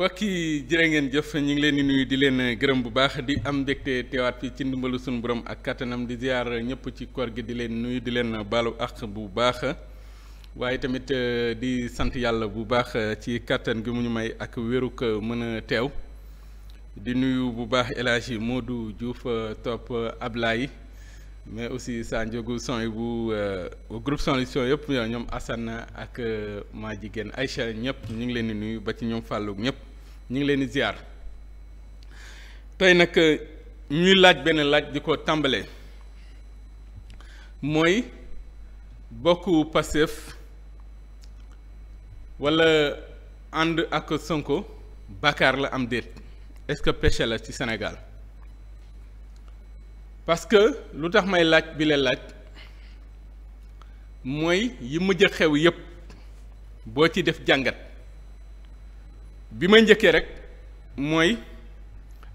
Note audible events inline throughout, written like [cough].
mbokk ki jërë ngeen jëf ñu ngi leen di nuyu di leen gërëm bu baax di am mbégte teewaat fii ci ndimbalu suñu borom ak kattanam di ziar ñëpp ci koor gi di leen nuyu di leen balu àq bu baax waaye tamit euh, di sant yàlla bu baax euh, ci kattan gi mu ñu may ak wéruk mën a teew di nuyu bu baax El Hadji Modou Diouf euh, Top Ablaye mais aussi saa njogu son yi bu groupe solution yëpp ñoom Assane ak maa jigéen Aïcha ñëpp ñu ngi leen di nuyu ba ci ñoom Fallou ñëpp. ñu ngi leen di ziar tey nag euh, ñuy laaj benn laaj di ko tàmbalee mooy bokku Pastef wala ànd ak sënko bàkkaar la am déet est-ce que péché la ci senegal parce que lu tax may laaj bi la laaj mooy yi mujj xew yépp boo ci def jàngat bi ma njëkkee rek mooy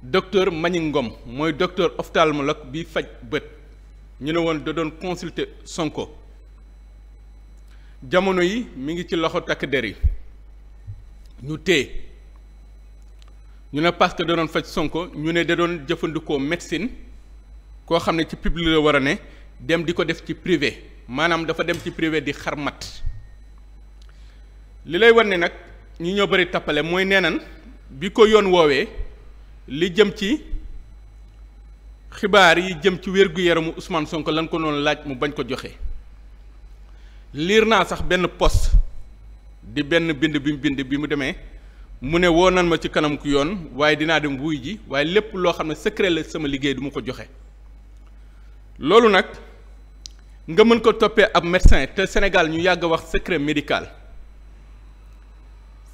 docteur Manick Ngom mooy docteur ophtalmologue bi faj bët ñu ne woon da doon consulter Sonko jamono yi mi ngi ci loxo takk der yi ñu téye ñu ne parce que da doon faj Sonko ñu ne da doon jëfandikoo médecine koo xam ne ci pibli la war a ne dem di ko def ci privé maanaam dafa dem ci privé di xarmat li lay wan ne nag. ñi ñoo bari tappale mooy nee nan bi ko yoon woowee li jëm ci xibaar yi jëm ci wér-gu-yaramu Ousmane Sonko lan ko noonu laaj mu bañ ko joxe liir naa sax benn post di benn bind bi mu bind bi mu demee mu ne woo nan ma ci kanam ku yoon waaye dinaa dem wuy ji waaye lépp loo xam ne secret la sama liggéey du ma ko joxe loolu nag nga mën ko toppee ab médecin te Sénégal ñu yàgg a wax secret médical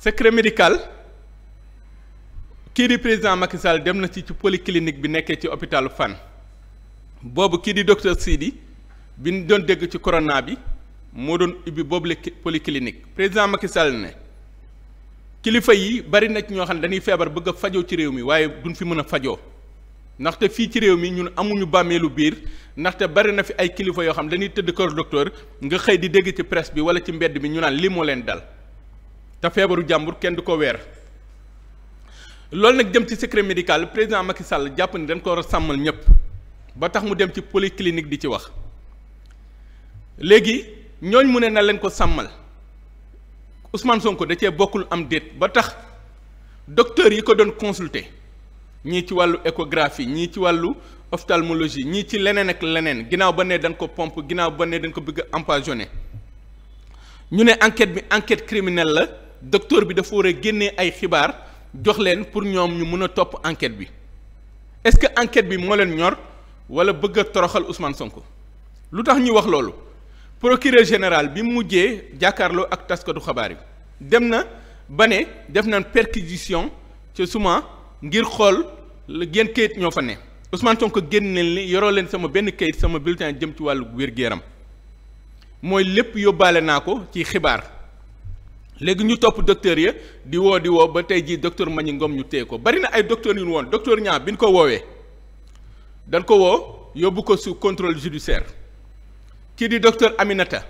secret médical kii di président Macky Sall dem na ci ci polyclinique bi nekkee ci hôpitalu fan boobu kii di docteur Sidi bi ñu doon dégg ci corona bi moo doon ibbi boobu polyclinique président Macky Sall ne kilifa yi bari na ci ñoo xam ne dañuy feebar bëgg a fajoo ci réew mi waaye duñ fi mën a fajoo ndaxte fii ci réew mi ñun amuñu bàmmeelu biir ndaxte bari na fi ay kilifa yoo xam dañuy tëdd kër docteur nga xëy di dégg ci presse bi wala ci mbedd bi ñu naan lii moo leen dal. te feebaru jàmbur kenn du ko weer loolu nag jëm ci secret médical président Macky sàll jàpp ni dañ ko war a sàmmal ñëpp ba tax mu dem ci polyclinique di ci wax léegi ñooñ mu ne na leen ko sàmmal Ousmane Sonko da cee bokkul am déet ba tax docteurs yi ko doon consulter ñii ci wàllu échographie ñii ci wàllu ophtalmologie ñii ci leneen ak leneen ginnaaw ba ne dañ ko pomp ginnaaw ba ne dañ ko bëgg a ñu ne enquête bi enquête criminelle la. docteur bi dafa war a génnee ay xibaar jox leen pour ñoom ñu mën a topp enquête bi est-ce que enquête bi moo leen ñor wala bëgg a toroxal Ousmane Sonko lu tax ñuy wax loolu procureur général bi mujjee jàkkaarloo ak taskatu xabaar yi dem na ba ne def nañ perquisition ci suma ngir xool la génn kayit ñoo fa ne Ousmane Sonko génn leen li yoroo leen sama benn kayit sama bulletin jëm ci wàllu wér gu mooy lépp yóbbaale naa ko ci xibaar léegi ñu topp docteur ya di woo di woo ba tey jii docteur Magny ngoom ñu téye ko bari na ay docteur yu ñu woon docteur ñaa bi ñu ko woowee dañ ko woo yóbbu ko sous contrôle judiciaire kii di docteur Aminata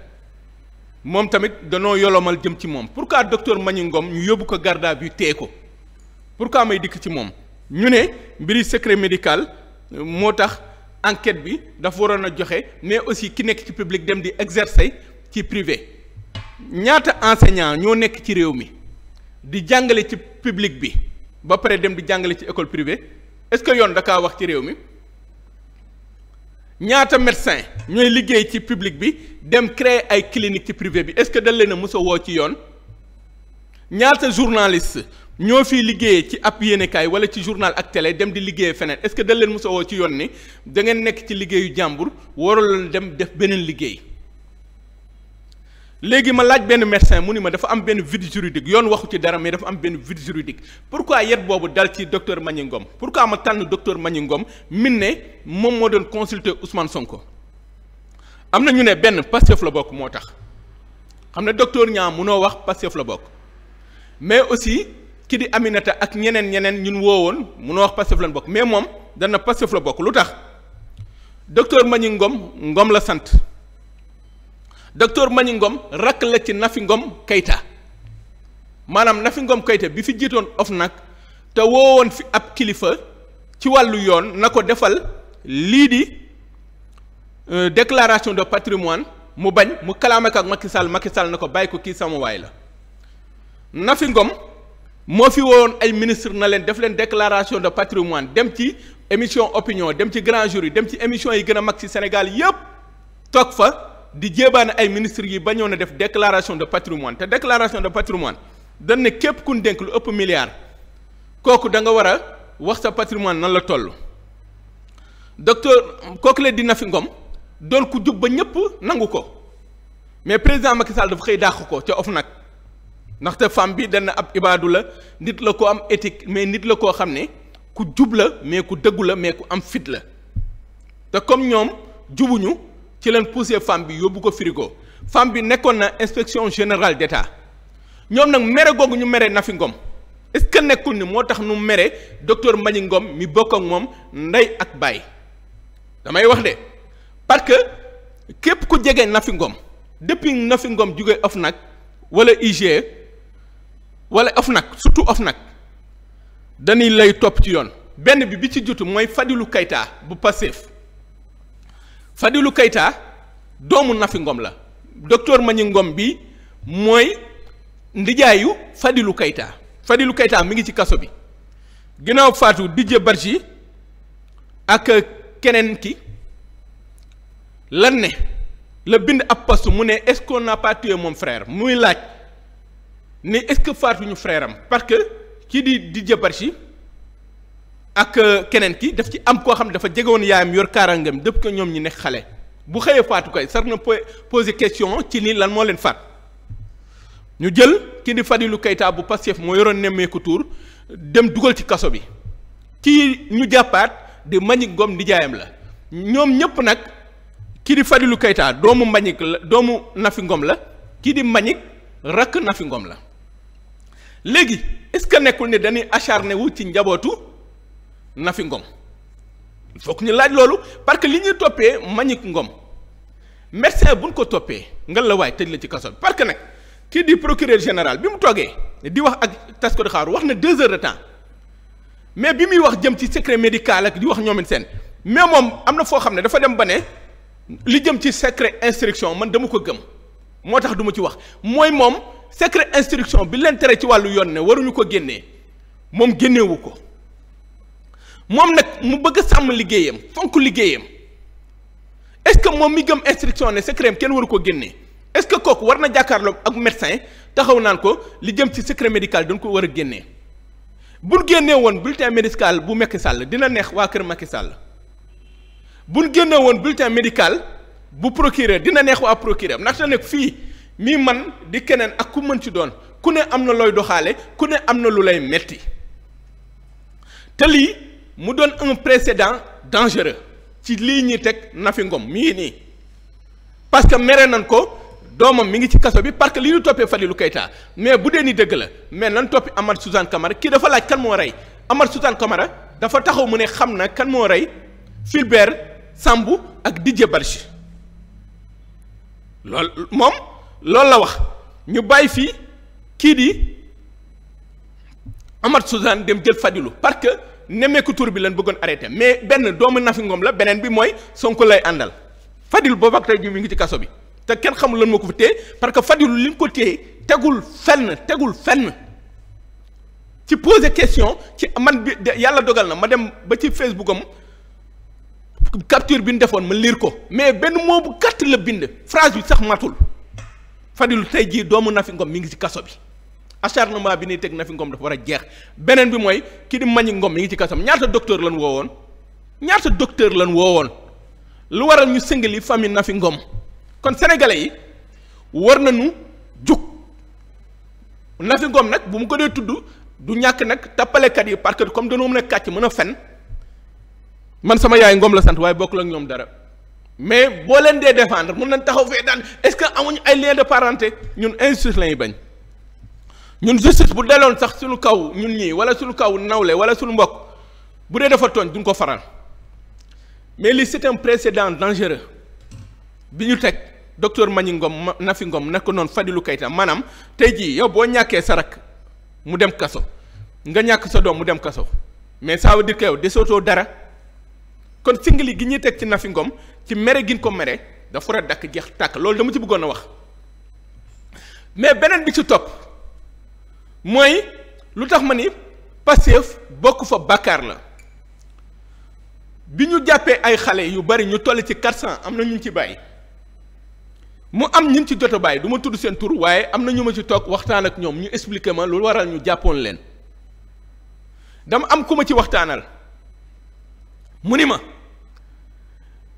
moom tamit danoo yolomal jëm ci moom pour docteur Magny Ngom ñu yóbbu ko garde à vue téye ko pourquoi may dikk ci moom ñu ne mbiri secret médical euh, moo tax enquête bi dafa waroon a joxe mais aussi ki nekk ci public dem di exercer ci privé ñaata enseignant ñoo nekk ci réew mi di jàngale ci public bi ba pare dem di jàngale ci école privée est-ce que yoon da kaa wax ci réew mi ñaata médecin ñooy liggéey ci public bi dem créer ay clinique ci privé bi est-ce que dal leen a mos a woo ci yoon ñaata journaliste ñoo fii liggéeyee ci ab yéenekaay wala ci journal ak télé dem di liggéeyee feneen est-ce que dal leen mos a woo ci yoon ni da ngeen nekk ci liggéeyu jàmbur warul dem def beneen liggéey léegi ma laaj benn médecin mu ni ma dafa am benn vide juridique yoon waxu ci dara mais dafa am benn vide juridique pourquoi yet boobu dal ci docteur Magny Ngom pourquoi ma tànn docteur Magny Ngom min ne moom moo doon consulter Ousmane Sonko am na ñu ne benn Pastef la bokk moo tax xam ne docteur ñaa mënoo wax Pastef la bokk mais aussi ki di Aminata ak ñeneen ñeneen ñun woowoon mënoo wax Pastef lañ bokk mais moom dana Pastef la bokk lu tax docteur Magny Ngom Ngom la sant docteur Magny Ngom rakk la ci Nafi Ngom Keita maanaam Nafi Ngom Keita bi fi jiitoon nag te woon fi ab kilifa ci wàllu yoon na ko defal lii di euh, déclaration de patrimoine mu bañ mu kalaame ak Macky Sall Macky Sall na ko bàyyi ko kii sama waay la Nafi Ngom moo fi woowoon ay ministre na leen def leen déclaration de patrimoine dem ci émission opinion dem ci grand jury dem ci émission yi gën a mag ci senegal yépp toog fa di jéebaane ay ministres yi ba na def déclaration de patrimoine te déclaration de patrimoine dañ ne képp ku ñu ëpp milliard kooku da nga war a wax sa patrimoine nan la toll docteur kooku la dina fi ngom doon ku jub ba ñëpp nangu ko mais président Macky Sall dafa xëy dàq ko ca OFNAC ndaxte femme bi dana ab ibaadu la nit la ko am éthique mais nit la koo xam ne ku jub la mais ku dëggu la mais ku am fit la te comme ñoom jubuñu ci leen poussé femme bi yóbbu ko frigo femme bi nekkoon na inspection général d'État ñoom nag mere googu ñu mere Nafi Ngom est-ce que nekkul ni moo tax nu mere docteur Mbagnick Ngom mi bokk ak moom ndey ak baay damay wax de parce que képp ku jege Nafi Ngom depuis Nafi Ngom jóge OFNAC wala IGE wala OFNAC surtout nag dañuy lay topp ci yoon benn bi bi ci jutu mooy Fadilou Keïta bu Pastef fadilu Keita doomu Nafi Ngom la docteur Magny Ngom bi mooy ndijaayu fadilu Keita fadilu Keita mu ngi ci kaso bi ginnaaw faatu Didier Badji ak keneen ki lan ne la bind ab poste mu ne est-ce qu'on n'a pas tué mon muy laaj ni est-ce que faatuñu frère am parce que ki di Didier Badji ak euh, keneen ki daf ci am koo xam ne dafa jegoon yaayam yor kaarangam dëpp ko ñoom ñi nekk xale bu xëyee faatu koy sar na posé question ci ni lan moo leen faat ñu jël ki di Fadilou Keita bu Pastef moo yoroon nemmeeku tuur dem dugal ci kaso bi kii ñu jàppaat di Mbagnick Ngom di jaayam la ñoom ñëpp nag kii di Fadilou Keita doomu Mbagnick la doomu Nafi Ngom la kii di Mbagnick rakk Nafi Ngom la léegi est-ce que nekkul ne dañuy acharné wu ci njabootu. Nafi Ngom il faut ñu laaj loolu parce que li ñuy toppee Mbagnick Ngom médecin buñ ko toppee nga la waay tëj la ci kaso bi parce que nag kii di procureur général bi mu toogee di wax ak tas ko di xaar wax na deux heures de temps mais bi muy wax jëm ci secret médical ak di wax ñoom seen mais moom am na foo xam ne dafa dem ba ne li jëm ci secret instruction man dama ko gëm moo tax duma ci wax mooy moom secret instruction bi leen tere ci wàllu yoon ne waruñu ko génnee moom génnewu ko moom nag mu bëgg sàmm liggéeyam fonk liggéeyam est-ce que moom mi gëm instruction ne secret kenn waru ko génnee est-ce que kooku war na jàkkaarloog ak médecin taxaw naan ko li jëm ci secret médical dañ ko war a génnee buñ génnee woon bulletin médical bu Macky Sall dina neex waa kër Macky Sall buñ génnee woon bulletin médical bu procureur dina neex waa procureur ndaxte nag fii mii man di keneen ak ku mën ci doon ku ne am na looy doxaale ku ne am na lu lay metti te lii mu doon un précédent dangereux ci lii ñi teg Nafi Ngom mi nii parce que mere nan ko doomam mi ngi ci kaso bi parce que li ñu toppee Fadilou Keita mais bu dee ni dëgg la mais nan toppi amat Suzanne Camara kii dafa laaj kan moo rey Amath Suzanne Camara dafa taxaw mu ne xam na kan moo rey Fulbert Sambou ak Didier Badji loolu moom loolu la wax ñu bàyyi fii kii di Amath Suzanne dem jël Fadilou parce que ku tur bi lan bëggoon arrêté mais benn doomu Nafi Ngom la beneen bi mooy Sonko lay àndal Fadil boobu ak tey jii ngi ci kaso bi te kenn xamul lan moo ko fi téye parce que Fadil li mu ko téye tegul fenn tegul fenn ci poser question ci man bi yàlla dogal na ma dem ba ci Facebook am capture bi ñu defoon ma lire ko mais benn mot bu gàtt la bind phrase bi sax matul Fadil tey jii doomu Nafi Ngom mi ngi ci kaso bi. acharnement bi ni teg na fi ngom dafa war a jeex beneen bi mooy kii di mañi ngom mi ngi ci kasam ñaata docteur lan woowoon ñaata docteur lan woowoon lu waral ñu sëngali famille nafi fi ngom kon sénégalais yi war nañu jug na fi ngom nag bu mu ko dee tudd du ñàkk nag tappalekat yi parce que comme dañoo mën a kàcc mën a fen man sama yaay ngom la sant waaye bokkul ak ñoom dara mais boo leen dee défendre mun nañ taxaw fee daan est-ce que amuñu ay lien de parenté ñun injustice lañuy bañ ñun justice bu daloon sax suñu kaw ñun ñii wala suñu kaw nawle wala suñu mbokk bu dee dafa tooñ duñ ko faral mais li c'est un précédent dangereux bi ñu teg docteur Magny Ngom Nafi Ngom naka noon Fadilou Keita maanaam tey jii yow boo ñàkkee sa rak mu dem kaso nga ñàkk sa doom mu dem kaso mais ça veut dire que yow desootoo dara kon singali gi ñuy teg ci Nafi Ngom ci mere gin ko mere dafa war a dakk jeex tàkk loolu dama ci bëggoon a wax mais beneen bi ci topp. mooy lu tax ma ni Pastef bokk fa bàkkaar la bi ñu jàppee ay xale yu bari ñu toll ci quatre cent am na ñu ci bàyyi mu am ñun ci jot a bàyyi duma tudd seen tur waaye am na ñu ma ci toog waxtaan ak ñoom ñu expliquer ma lu waral ñu jàppoon leen dama am ku ma ci waxtaanal mu ni ma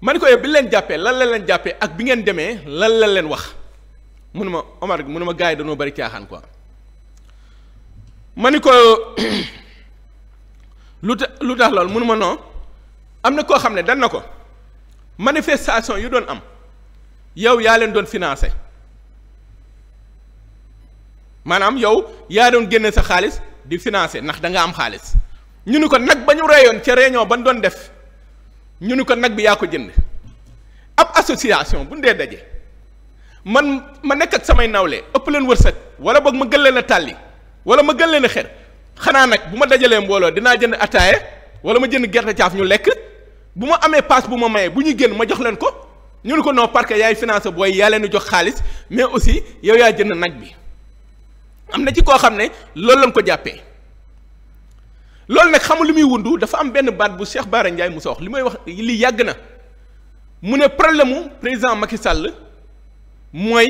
ma ko yow eh, bi leen jàppee lan la leen jàppee ak bi ngeen demee lan la leen wax mu ne ma Omar mu ne ma gars yi dañoo bari caaxaan quoi. ma ni ko [clears throat] lu tax lu tax loolu mënu ma non am na koo xam ne dan na ko manifestation yu doon am yow yaa leen doon financé maanaam yow yaa doon génne sa xaalis di financé ndax danga am xaalis ñu ni ko nag ba ñu reyoon ca réunion ba ñu doon def ñu ni ko nag bi yaa ko jënd ab association bu ñu dee daje man ma nekk ak samay nawle ëpp leen wërsëg wala boog ma gën leen a tàlli wala ma gën leen a xer xanaa nag bu ma dajalee mbooloo dinaa jënd ataaya wala ma jënd gerte caaf ñu lekk bu ma amee paas bu ma mayee bu ñuy génn ma jox leen ko ñu ne ko noo parce que yaay financé booy yaa leen jox xaalis mais aussi yow yaa jënd nag bi am na ci koo xam ne loolu lañ ko jàppee loolu nag xamul li muy wundu dafa am benn baat bu Cheikh Bara Ndiaye Moussa wax li may wax li yàgg na mu ne problème mu président Macky Sall mooy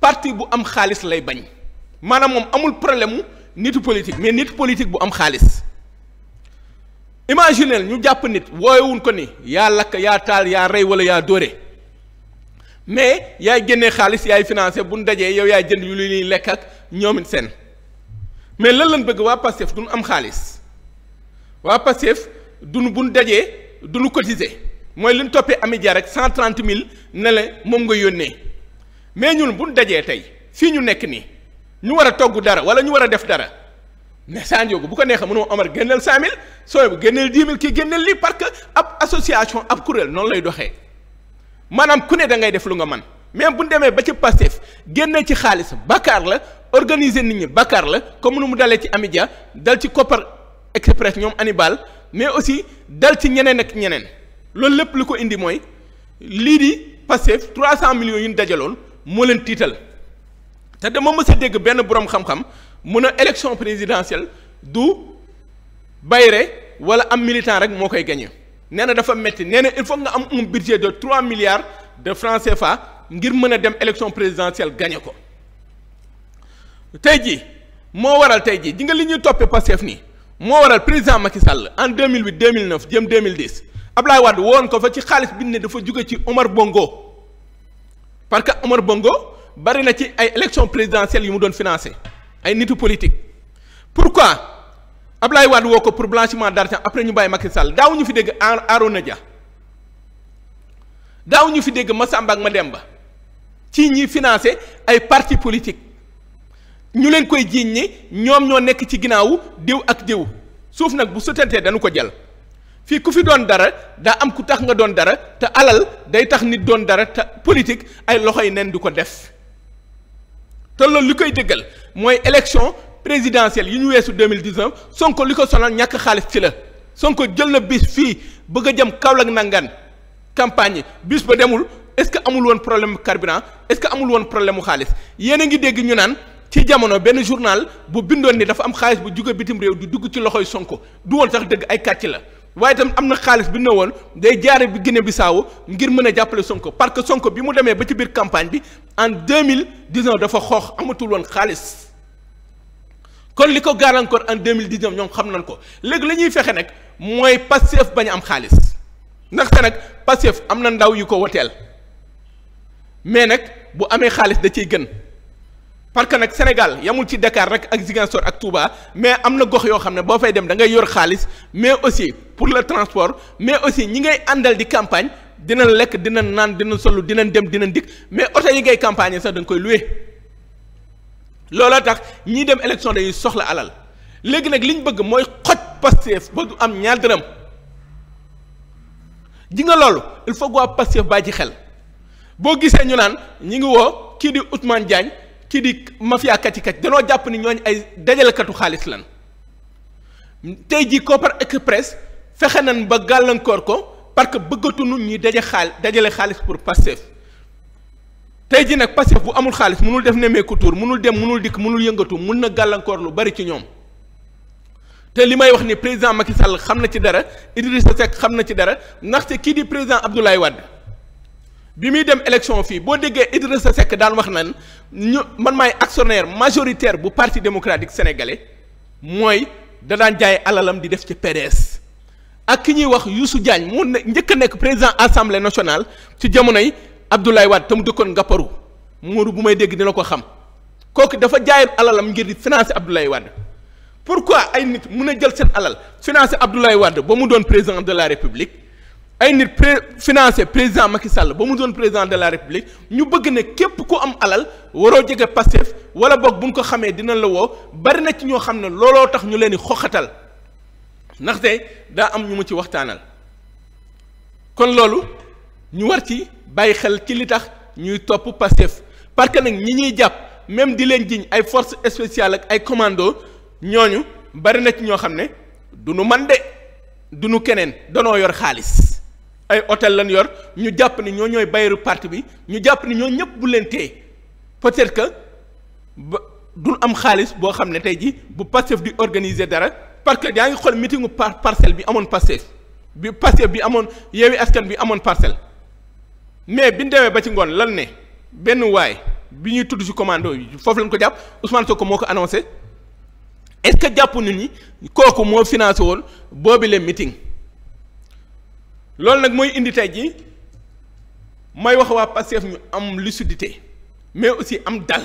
parti bu am xaalis lay bañ. maanaam moom amul problème mu nitu politique mais nitu politique bu am xaalis imaginel ñu jàpp nit woowewuñ ko ni yaa lakk yaa taal yaa rey wala yaa dóore mais yaay génnee xaalis yaay financé bu ñu dajee yow yaay jënd yu li ñuy lekk ak ñoom it seen mais lan lañ bëgg waa Pastef duñ am xaalis waa Pastef duñ buñ dajee du duñu cotiser mooy li ñu toppee Amidia rek cent trente mille ne moom nga yónnee mais ñun buñ dajee tey fii ñu nekk nii ñu war a togg dara wala ñu war a def dara mais Sa Ndiogou bu ko neexee mënoo amar génneel 100000 sooy bu génneel 10000 kii génneel lii parce que ab association ab kuréel noonu lay doxee maanaam ku ne dangay def lu nga man mais bu ñu demee ba ci Pastef génne ci xaalis bakkaar la organiser nit ñi bakkaar la comme nu mu dalee ci Amidia dal ci Copper Express ñoom Hannibal mais aussi dal ci ñeneen ak ñeneen loolu lépp lu ko indi mooy lii di Pastef 300 millions yu ñu dajaloon moo leen tiital. te dama mës a dégg benn borom xam-xam mu ne élection présidentielle du bayre wala am militant rek moo koy gagné nee na dafa metti nee na il faut nga am un budget de trois milliards de francs CFA ngir mën a dem élection présidentielle gagné ko tey jii moo waral tey jii di nga li ñuy toppee Pastef nii moo waral président Macky Sall en 2008 2009 jëm 2010 Ablaye Wade woon ko fa ci xaalis bi ne dafa jóge ci Omar Bongo parce que Omar Bongo. bari na ci ay élection présidentielle yu mu doon financé ay nitu politique pourquoi Ablaye Wade woo ko pour blanchiment d'argent après ñu bàyyi Macky Sall daaw ñu fi dégg Arona Dia daaw ñu fi dégg Massamba ak Mademba ci ñi financé ay parti politique ñu leen koy jiiñ ni ñoom ñoo nekk ci ginnaaw diw ak diw suuf nag bu sotantee dañu ko jël fii ku fi doon dara daa am ku tax nga doon dara te alal day tax nit doon dara te politique ay loxo yi nen du ko def te loolu li koy dëggal mooy élection présidentielle yu ñu weesu 2019 Sonko li ko sonal ñàkk xaalis ci la Sonko jël na bis fii bëgg a jëm Kaolack nangan campagne bis ba demul est-ce que amul woon problème carburant est-ce que amul woon problème mu xaalis yéen a ngi dégg ñu naan ci jamono benn journal bu bindoon ni dafa am xaalis bu jóge bitim réew di dugg ci loxoy Sonko du woon sax dëgg ay kàcc la waaye itam am na xaalis bi ne woon day jaare bi Guinée Bissau ngir mën a jàppale Sonko parce que Sonko bi mu demee ba ci biir campagne bi en deux mille dix-neuf dafa xoox amatul woon xaalis kon li ko gàllankoor en deux mille dix-neuf ñoom xam nañ ko léegi la ñuy fexe nag mooy Pastef bañ am xaalis ndaxte nag Pastef am na ndaw yu ko woteel mais nag bu amee xaalis da ciy gën. parce que nag Sénégal yamul ci Dakar rek ak Ziguinchor ak Touba mais am na gox yoo xam ne boo fay dem da ngay yor xaalis mais aussi pour le transport mais aussi ñi ngay àndal di campagne dinañ lekk dinañ naan dina solu dinañ dem dinañ dikk mais oto yi ngay campagne sax da koy loué looloo tax ñiy dem élection dañuy soxla alal léegi nag li ñu bëgg mooy xoj Pastef ba du am ñaar dërëm ji nga loolu il faut que waa Pastef ji xel boo gisee ñu naan ñi ngi woo kii di Ousmane kii di mafia kàcci kàcci danoo jàpp ni ñooñ ay dajalekatu xaalis lan tey jii Kopar Express fexe nan ba gàllankoor ko parce que bëggatuñu ñuy daje xaal dajale xaalis pour Pastef tey jii nag Pastef bu amul xaalis mënul def nemmeeku tur mënul dem mënul dikk mënul yëngatu mën na gàllankoor lu bari ci ñoom te li may wax ni président Macky Sall xam na ci dara Idrissa Seck xam na ci dara ndaxte kii di président Abdoulaye Wade. bi muy dem élection fii boo déggee sa sekk daan wax nan ñu man maay actionnaire majoritaire bu parti démocratique sénégalais mooy da daan jaay alalam di def ci PDS ak ki ñuy wax Youssou jaañ mu ne njëkk nekk président assemblée nationale ci jamonoy Abdoulaye Wade te mu dëkkoon Ngaparou mooru bu may dégg dina ko xam kooku dafa jaayoon alalam ngir di financer Abdoulaye Wade pourquoi ay nit mun a jël seen alal finance Abdoulaye Wade ba mu doon président de la République. ay nit pré financé président Macky Sall ba mu doon président de la république ñu bëgg ne képp ku am alal waroo jege Pastef wala boog bu ñu ko xamee dina la woo bari na ci ñoo xam ne looloo tax ñu leen di xoxatal ndaxte daa am ñu mu ci waxtaanal kon loolu ñu war ci bàyyi xel ci li tax ñuy topp Pastef parce que nag ñi ñuy jàpp même di leen jiñ ay forces spéciales ak ay commando ñooñu bari na ci ñoo xam ne du nu man de du nu keneen danoo yor xaalis. ay hôtel lan yor ñu jàpp ni ñoo ñooy bayeeru parti bi ñu jàpp ni ñoo ñëpp bu leen téye peut-être que ba duñ am xaalis boo xam ne tey ji bu Pastef di organiser dara parce que yaa ngi xool meetingu par parcelle bi amoon Pastef bi Pastef bi amoon Yewwi Askan bi amoon parcelle mais bi ñu demee ba ci ngoon lan ne benn waay bi ñuy tudd ci commando yi foofu lañ ko jàpp Ousmane ko moo ko annoncé est-ce que jàpp nit ñi kooku moo financé woon boobi leen meeting. loolu nag mooy indi tey ji may wax waa Pastef ñu am lucidité mais aussi am dal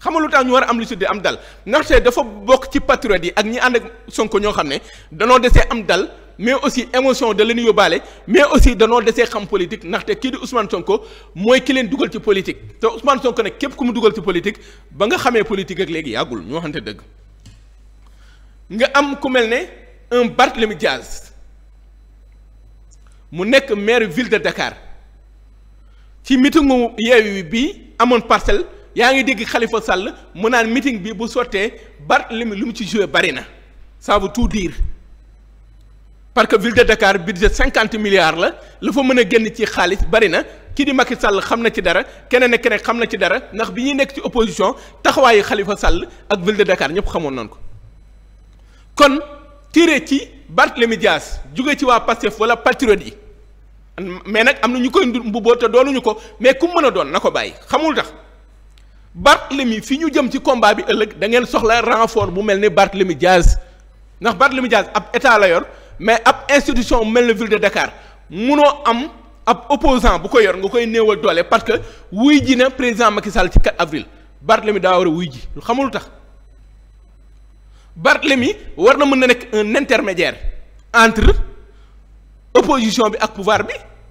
xam nga lu tax ñu war a am lucidité am dal ndaxte dafa bokk ci patriote yi ak ñi ànd ak Sonko ñoo xam ne danoo desee am dal mais aussi émotion da leen yóbbaale mais aussi danoo desee xam politique ndaxte kii di Ousmane Sonko mooy ki leen dugal ci politique te Ousmane Sonko nag képp ku mu dugal ci politique ba nga xamee politique ak léegi yàggul ñu waxante dëgg nga am ku mel ne un Barthélemy mu nekk maire ville de Dakar ci mitingu Yewwi bi amoon parcelle yaa ngi dégg xalifa Sall mu naan meeting bi bu sottee Barthélémy li mu ci joué bari na ça veut parce que ville de Dakar budget cinquante la la fa mën a génn ci xaalis bari na kii di Macky Sall xam na ci dara keneen ak keneen xam na ci dara ndax bi ñuy nekk ci opposition taxawaayu xalifa Sall ak ville de Dakar ñëpp xamoon nañ ko kon tiré ci Barthélémy Dias jóge ci waa Pastef wala patriote yi mais nag am na ñu koy mbubboo te doonuñu ko mais ku mën a doon na ko bàyyi xamul tax Barthélemy fi ñu jëm ci combat bi ëllëg da ngeen soxla renfort bu mel ni Barthélemy Diaz ndax Barthélemy Diaz ab état la yor mais ab institution mel na ville de Dakar munoo am ab opposant bu ko yor nga koy néewal doole parce que wuy ji na président Macky ci 4 avril Barthélemy daa war a wuy ji xamul tax Barthélemy war na mën na nekk un intermédiaire entre opposition bi ak pouvoir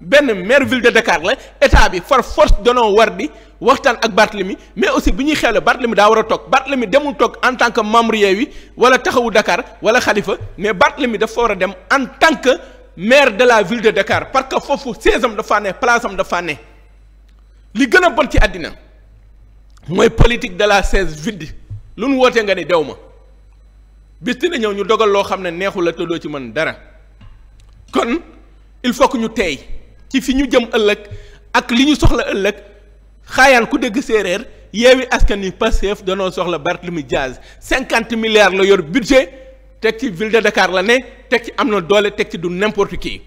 benn maire ville de Dakar la état bi far force danoo war di waxtaan ak Barthélemy mais aussi bi ñuy xewle Barthélemy daa war a toog Barthélemy demul toog en tant que membre Yewwi wala taxawu Dakar wala Khalifa mais Barthélemy dafa war a dem en tant que maire de la ville de Dakar parce que foofu siège am dafa ne place am dafa ne li gën a bon ci àddina mooy politique de la chaise vide lu nu wootee nga ni dew ma bis dina ñëw ñu dogal loo xam ne neexul a te ci mën dara kon il faut que ñu teey ci fi ñu jëm ëllëg ak li ñu soxla ëllëg xaayaan ku dégg séeréer yeewi askan wi Pastef danoo soxla Barthélemy Diaz cinquante milliards la yor budget teg ci ville de Dakar la ne teg ci am na doole teg ci du n'importe kii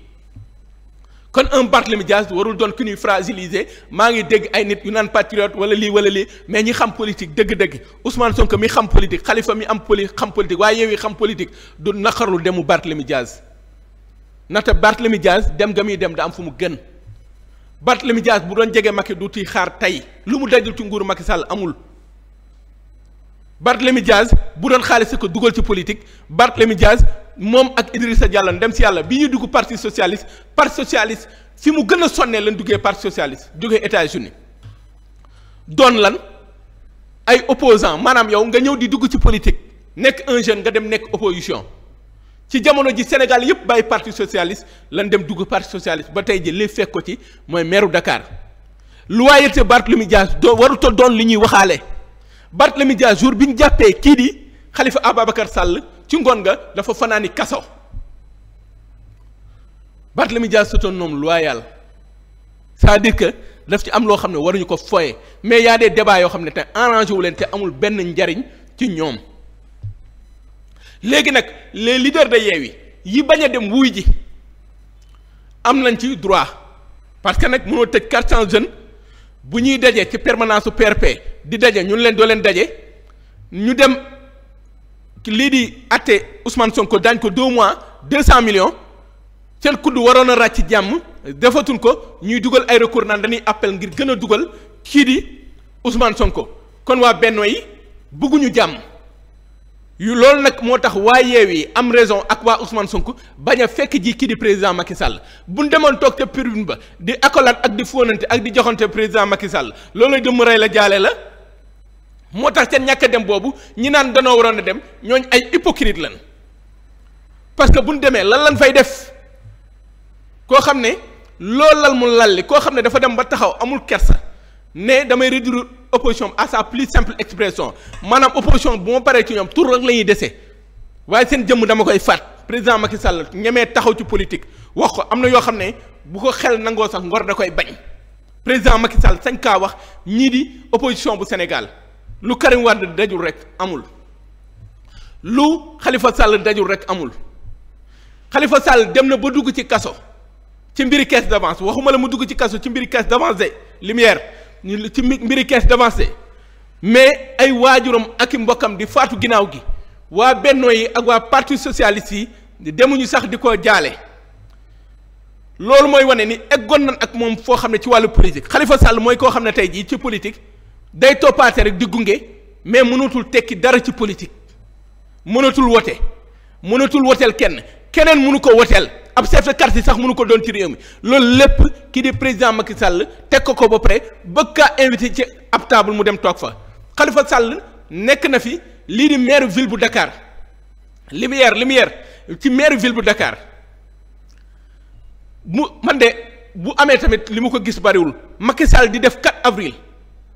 kon un Barthélemy Diaz warul doon ki ñuy fragiliser maa ngi dégg ay nit yu naan patriote wala lii wala lii mais ñi xam politique dëgg-dëgg Ousmane Sonko mi xam politique xalifa mi am poli xam politique waaye yow yi xam politique du naqarlu demu Barthélemy Diaz nata Barthélemy Dias dem ga muy dem da am fu mu gën Barthélemy Dias bu doon jege Macky du ti xaar tey lu mu dajul ci nguuru Macky sàll amul Barthélemy Dias bu doon xaalis ko dugal ci politique Barthélemy Dias moom ak Idrissa Diallo dem si yàlla bi ñuy dugg parti socialiste parti socialiste fi mu gën a sonnee lan duggee parti socialiste jógee États-Unis doon lan ay opposant maanaam yow nga ñëw di dugg ci politique nekk un jeune nga dem nekk opposition ci jamono ji Sénégal yëpp bàyyi parti socialiste lan dem dugg parti socialiste ba tey ji li fekk ko ci mooy maire Dakar loyauté Barthélemy Dias doo waruta doon li ñuy waxaale Barthélemy Dias jour bi ñu jàppee kii di Khalifa Ababacar sàll ci ngoon nga dafa fanaani kaso Barthélemy Dias c'est un homme loyal cest à que daf ci am loo xam ne waruñu ko foye mais y a des yoo xam ne te arrangé wu leen te amul benn njariñ ci ñoom léegi nag les leaders de Yewwi yi bañ a dem wuy ji am nañ ci droit parce que nag mënoo tëj quatre cent jeunes bu ñuy dajee ci permanance su PRP di daje ñun leen doo leen daje ñu dem lii di atte Ousmane Sonko daañ ko deux mois deux cent millions seen kudd waroon a ràcc jàmm defatuñ ko ñuy dugal ay recours naan dañuy appel ngir gën a dugal kii di son ko kon waa Benno yi bëgguñu jàmm. yu loolu nag moo tax waa Yewwi am raison ak waa Ousmane Sonko bañ a fekk ji kii di président Macky Sall bu ñu demoon toog ca tribune ba di accolade ak di fóonante ak di joxante président Macky Sall loolu dem rey la jaale la moo tax seen ñakk dem boobu ñi naan danoo waroon a dem ñooñ ay hypocrite lan parce que bu ñu demee lan lan fay def koo xam ne loolu lal mu lalli koo xam ne dafa dem ba taxaw amul kersa ne damay réduire opposition à sa plus simple expression maanaam opposition bu ma paree ci ñoom tur rek la ñuy dese waaye seen jëmm dama koy faat président Macky Sall ñemee taxaw ci politique wax ko am na yoo xam ne bu ko xel nangoo sax ngor da koy bañ président Macky Sall sañ kaa wax ñii di opposition bu Sénégal lu Karim Wade dajul rek amul lu xalifa Sall dajul rek amul xalifa Sall dem na ba dugg ci kaso ci mbiri caisse d'avance waxuma la mu dugg ci kaso ci mbiri caisse d'avance de lumière ñu ci mbiri caisse d'avance mais ay waajuram ak i mbokkam di faatu ginnaaw gi waa Benno yi ak waa parti socialiste yi demuñu sax di ko jaale loolu mooy wane ni eggoon nan ak moom foo xam ne ci wàllu politique xalifa Sall mooy koo xam ne tey jii ci politique day toppaate rek di gunge mais mënatul tekki dara ci politique mënatul wote mënatul woteel kenn keneen mënu ko woteel ab chef de quartier sax mënu ko doon ci réew loolu lépp ki di président Macky Sall teg ko ko ba pare bëgg kaa invité ci ab table mu dem toog fa xalifa sàll nekk na fi lii di maire ville bu Dakar lumière lumière ci maire ville bu Dakar mu man de bu amee tamit li mu ko gis bariwul Macky Sall di def kat avril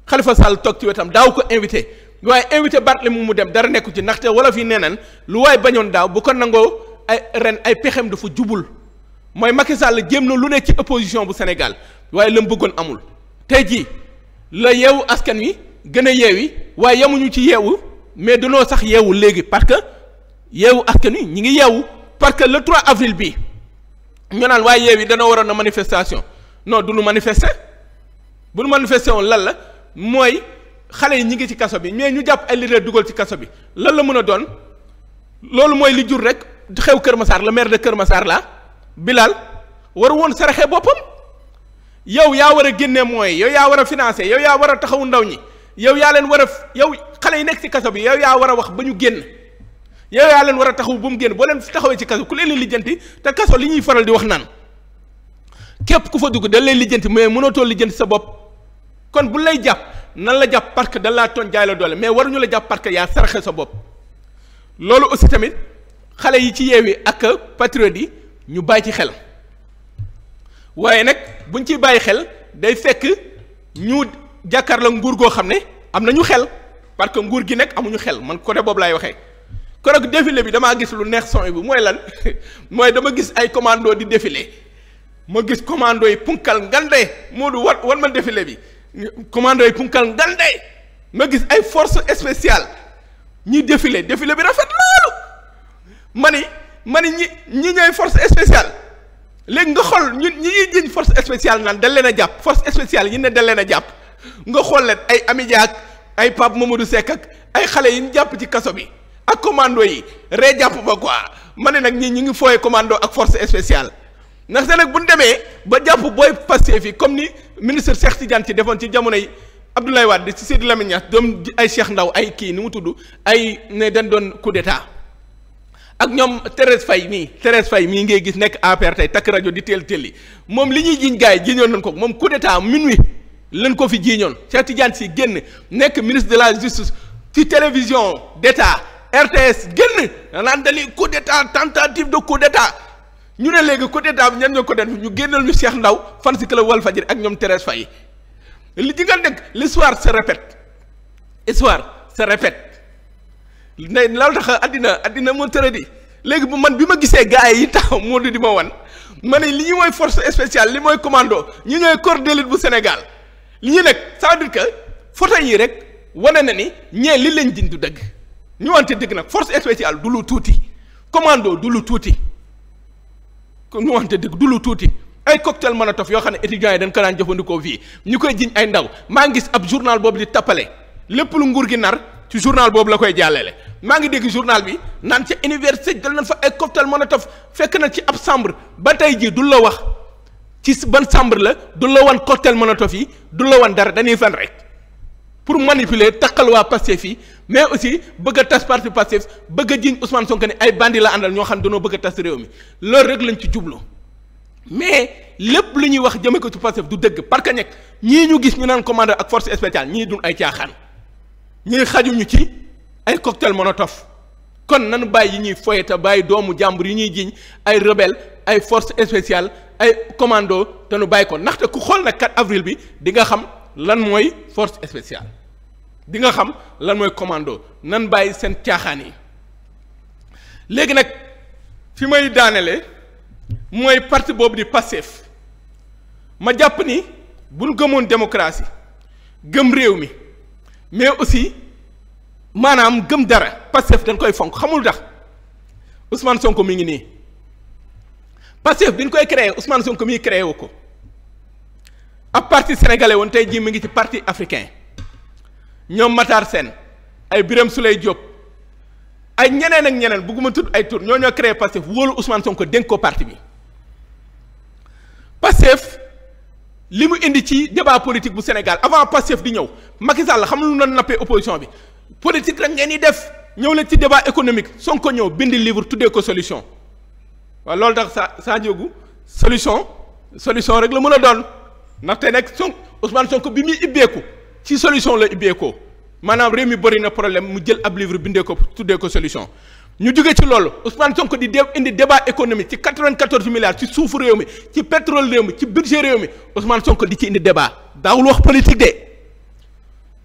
xalifa Sall toog ci wetam daaw ko invité waaye invité Barthélémy mu dem dara nekku ci ndaxte wala fi nee nan lu waaye bañoon daaw bu ko nangoo. ay ren ay pexem dafa jubul mooy Macky Sall jéem na lu ne ci opposition bu Sénégal waaye la bëggoon amul tey jii la yeewu askan wi gën a yeewi waaye yamuñu ci yeewu mais danoo sax yeewu léegi parce que yeewu askan wi ñi ngi yeewu parce que le 3 avril bi ñu naan waaye yi dana waroon na manifestation non du nu manifester bu nu manifester woon lan la mooy xale yi ñi ngi ci kaso bi mais ñu jàpp ay leader dugal ci kaso bi lan la mën a doon loolu mooy li jur rek. xew Kër Massar la maire de Kër Massar la Bilal war woon saraxe boppam yow yaa war a génne mooy yow yaa war a financé yow yaa war a taxawu ndaw ñi yow yaa leen war a yow xale yi nekk ci kaso bi yow yaa war a wax ba ñu génn yow yaa leen war a taxawu ba mu génn boo leen taxawee ci kaso ku leen lijjanti te kaso li ñuy faral di wax naan képp ku fa dugg dal lay lijjanti mais mënatoo lijjanti sa bopp kon bu lay jàpp nan la jàpp parce que dañ laa ton jaay la doole mais waruñu la jàpp parce que yaa saraxe sa bopp loolu aussi tamit. xale yi ci yeewi ak patriote yi ñu bàyyi ci xel waaye nag buñ ci bàyyi xel day fekk ñu jàkkaarloo nguur goo xam ne am nañu xel parce que nguur gi nag amuñu xel man côté boobu laay waxee keroog défilé bi damaa gis lu neex son bi mooy lan [laughs] mooy dama gis ay commando di défilé ma gis commando yi punkal ngande Moodu war wan ma défilé bi commando yi punkal ngande ma gis ay force spéciale ñuy défilé défilé bi rafet na ma ni ma ni ñi ñi ñooy force spéciale léegi nga xol ñun ñi ñuy force espéciale naan dal leen a jàpp force spéciale yi ne dal leen a jàpp nga xool leen ay Amidia ak ay Pape Mamadou sekk ak ay xale yi ñu jàpp ci kaso bi ak commando yi ree jàpp ba quoi ma ne nag ñii ñu ngi fooye commando ak force spéciale ndax nag bu ñu demee ba jàpp booy Pastef fi comme ni ministre Cheikh Tidiane ci defoon ci jamono yi Abdoulaye Wade ci Sidi Lamine Niass doom ay Cheikh Ndaw ay kii ni mu tudd ay dañ doon coup ak ñoom Thérèse Faye mii Thérèse fay mii ngay gis nekk APR tey takk rajo di teel teel yi moom li ñuy jiiñ gaay yi jiiñoon nañ ko moom coup d'état minuit lañ ko fi jiiñoon Cheikh Tidiane si génn nekk ministre de la justice ci télévision d'état RTS génn naan dali coup d'état tentative de coup d'état ñu ne léegi coup d'état bi ñan ñoo ko def ñu génnal ñu Cheikh Ndaw fan si club Walfadjri ak ñoom Thérèse Faye li ji nga nekk l'histoire se répète histoire se répète ne la tax addina addina moo tëradi léegi bu man bi ma gisee gars yi taxaw moo di di ma wan ma ne li ñu mooy force spéciale li mooy commando ñu ñooy corps d'élite bu Sénégal li ñu nekk ça veut dire que yi rek wane na ni ñee li lañ din du dëgg ñu wante dëgg nag force spéciale du lu tuuti commando du lu tuuti ñu wante dëgg du lu tuuti ay cocktail Molotov yoo xam ne étudiants yi dañ ko daan jëfandikoo fii ñu koy jiñ ay ndaw maa ngi gis ab journal boobu di tappale lépp lu nguur gi nar ci boobu la koy jàllale maa ngi dégg journal bi naan ca université dal nañ fa ay cocktail molotov fekk na ci ab chambre ba tey jii du la wax ci ban chambre la du la wan cocktail molotov yi du la wan dara dañuy fen rek pour manipuler takkal waa Pastef fii mais aussi bëgg a tas parti Pastef bëgg a jiiñ Ousmane Sonko ne ay bandi la àndal ñoo xam ne dañoo bëgg a tas réew mi loolu rek lañ ci jublu mais lépp lu ñuy wax jëme ko du dëgg parce que ñeg ñii ñu gis ñu naan commandeur ak force spéciale ñii dun ay caaxaan ñii xajuñu ci ay cocktail molotov kon nanu bàyyi yi ñuy foye te bàyyi doomu jàmbur yi ñuy jiiñ ay rebelle ay force spéciale ay commando te nu bàyyi ko ndaxte ku xool nag 4 avril bi di nga xam lan mooy force spéciale di nga xam lan mooy commando nan bàyyi seen caaxaan yi léegi nag fi may daanele mooy parti boobu di Pastef ma jàpp ni bul nu gëmoon démocratie gëm réew mi mais aussi maanaam gëm dara Pastef dañ koy fonk xamul dax Ousmane Sonko mi ngi nii Pastef bi ñu koy créé Ousmane Sonko mi créé wu ko ab parti sénégalais woon tey jii mi ngi ci parti africain ñoom Matar seen ay Birame Souleye Diop ay ñeneen ak ñeneen bugguma tudd ay tur ñoo ñoo créé Pastef wóolu Ousmane Sonko dénk ko parti bi Pastef li mu indi ci débat politique bu Sénégal avant Pastef di ñëw Macky Sall xam lu doon nappee opposition bi politique rek ngeen di def ñëw leen ci débat économique Sonko ñëw bind livre tuddee ko solution waaw loolu dax sa saa jógu solution solution rek la mën a doon ndaxte nag Son Ousmane Sonko bi muy ibbeeku ci solution la ibbeekoo maanaam réew mi bëri na problème mu jël ab livre bindee ko tuddee ko solution ñu jóge ci loolu Ousmane Sonko di indi débat économique ci 94 milliards ci suufu réew mi ci pétrole réew mi ci budget réew mi Ousmane Sonko di ci indi débat daawul wax politique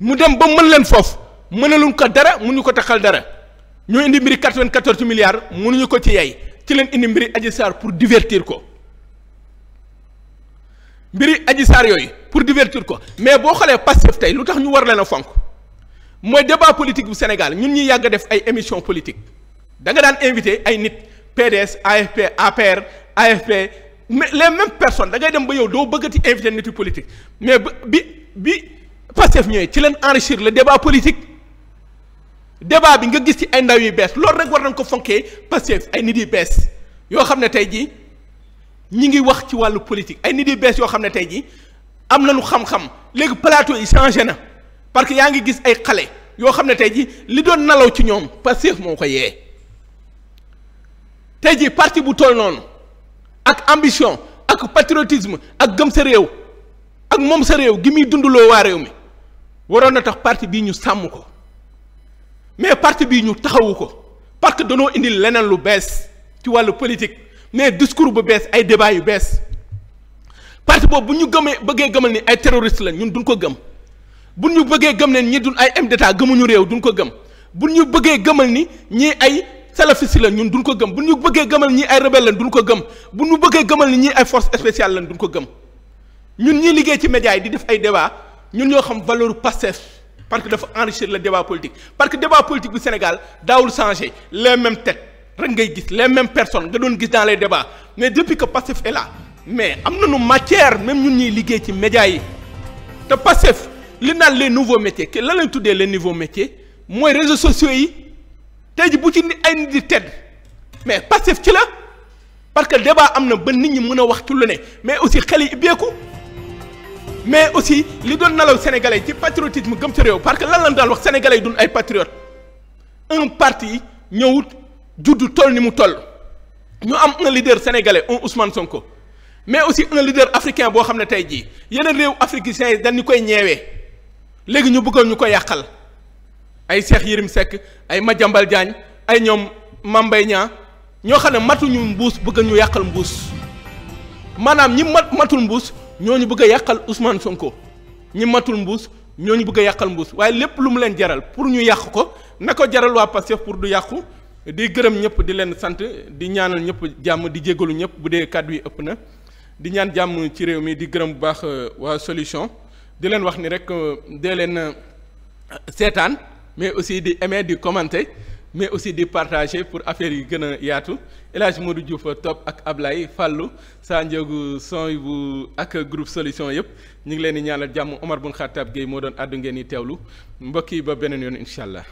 mu dem ba mën leen foofu mënaluñ ko dara ñu ko taxal dara ñoo indi mbiri 94 milliards mënuñu ko ci yay ci leen indi mbiri Adji Sarr pour divertir ko mbiri Adji Sarr yooyu pour divertir ko mais boo xoolee Pastef tey lu tax ñu war leen a fonk mooy débat politique bu Sénégal ñun ñuy yàgg def ay émission politique da nga daan invité ay nit PDS AFP APR AFP mais les mêmes personnes da dem ba yow doo bëggati invité nit yu politique mais bi bi Pastef ñëwee ci leen enrichir le débat politique débat bi nga gis ci ay ndaw yu bees loolu rek war nañ ko fonkee Pastef ay nit yu bees yoo xam ne tey jii ñi ngi wax ci wàllu politique ay nit yu bees yoo xam ne tey jii am nañu xam-xam léegi plateau yi changé na parce que yaa ngi gis ay xale yoo xam ne tey jii li doon nalaw ci ñoom Pastef moo ko yee tey jii parti bu tool noonu ak ambition ak patriotisme ak gëm sa réew ak moom sa réew gi muy dundaloo waa réew mi waroon na tax parti bii ñu sàmm ko. mais parti bii ñu taxawu ko parce que danoo indi leneen lu bees ci wàllu politique mais discours bu bees ay débat yu bees parti boobu bu ñu gëmee bëggee gëmal ni ay terroriste lañ ñun duñ ko gëm bu ñu bëggee gëm ne ñii duñ ay homme d'état gëmuñu réew duñ ko gëm bu ñu bëggee gëmal ni ñii ay salafiste la ñun duñ ko gëm bu ñu bëggee gëmal ñii ay rebelle duñ ko gëm bu ñu bëggee gëmal ni ñii ay force spéciale lañ duñ ko gëm ñun ñii liggéey ci média yi di def ay débat ñun ñoo xam valeur Pastef parce que dafa enrichir le débat politique parce que débat politique bu Sénégal daawul changer les mêmes têtes rek ngay gis les mêmes personnes nga doon gis dans les débats mais depuis que Pastef est là mais am na nu matière même ñun ñuy liggéey ci médias yi te Pastef li naan les nouveaux métiers que la lañ tuddee leen nouveaux métiers mooy réseaux sociaux yi tey ji bu ci ay nit di tedd mais Pastef ci la parce que débat am na ba nit ñi mën a wax ci lu ne mais aussi xel yi ibbeeku mais aussi li doon nalaw sénégalais ci patriotisme gëm sa réew parce que lan lañ daan wax sénégalais yi duñ ay patriote un parti ñëwut judd toll ni mu toll ñu am un leader sénégalais un Ousmane Sonko mais aussi un leader africain boo xam ne tey jii yeneen réew africains yi dañ ñu koy ñeewee léegi ñu bëggoon ñu ko yàqal ay Cheikh Yérim Seck ay Madiambal Diagne ay ñoom Mame Mbaye ñoo xam ne matuñu mbuus bëgg ñu yàqal mbuus maanaam ñi mat matul mbuus ñooñu bëgg a yàqal Ousmane Sonko ñi matul mbuus ñooñu bëgg a yàqal mbuus waaye lépp lu mu leen jaral pour ñu yàq ko na ko jaral waa Pastef pour du yàqu di gërëm ñëpp di leen sant di ñaanal ñëpp jàmm di jégalu ñëpp bu dee kàddu yi ëpp na di ñaan jàmm ci réew mi di gërëm bu baax euh, waa solution di leen wax ni rek euh, dee leen euh, seetaan mais aussi di aimer di commenter mais aussi di partager pour affaire yu gën a yaatu El Hadj Modou Diouf topp ak Ablaye Fallou saa njëgu son bu ak groupe solution yëpp ñu ngi leen di ñaanal jàmm Omar bun Xattaab Gueye moo doon àddu ngeen di teewlu mbokk yi ba beneen yoon incha allah.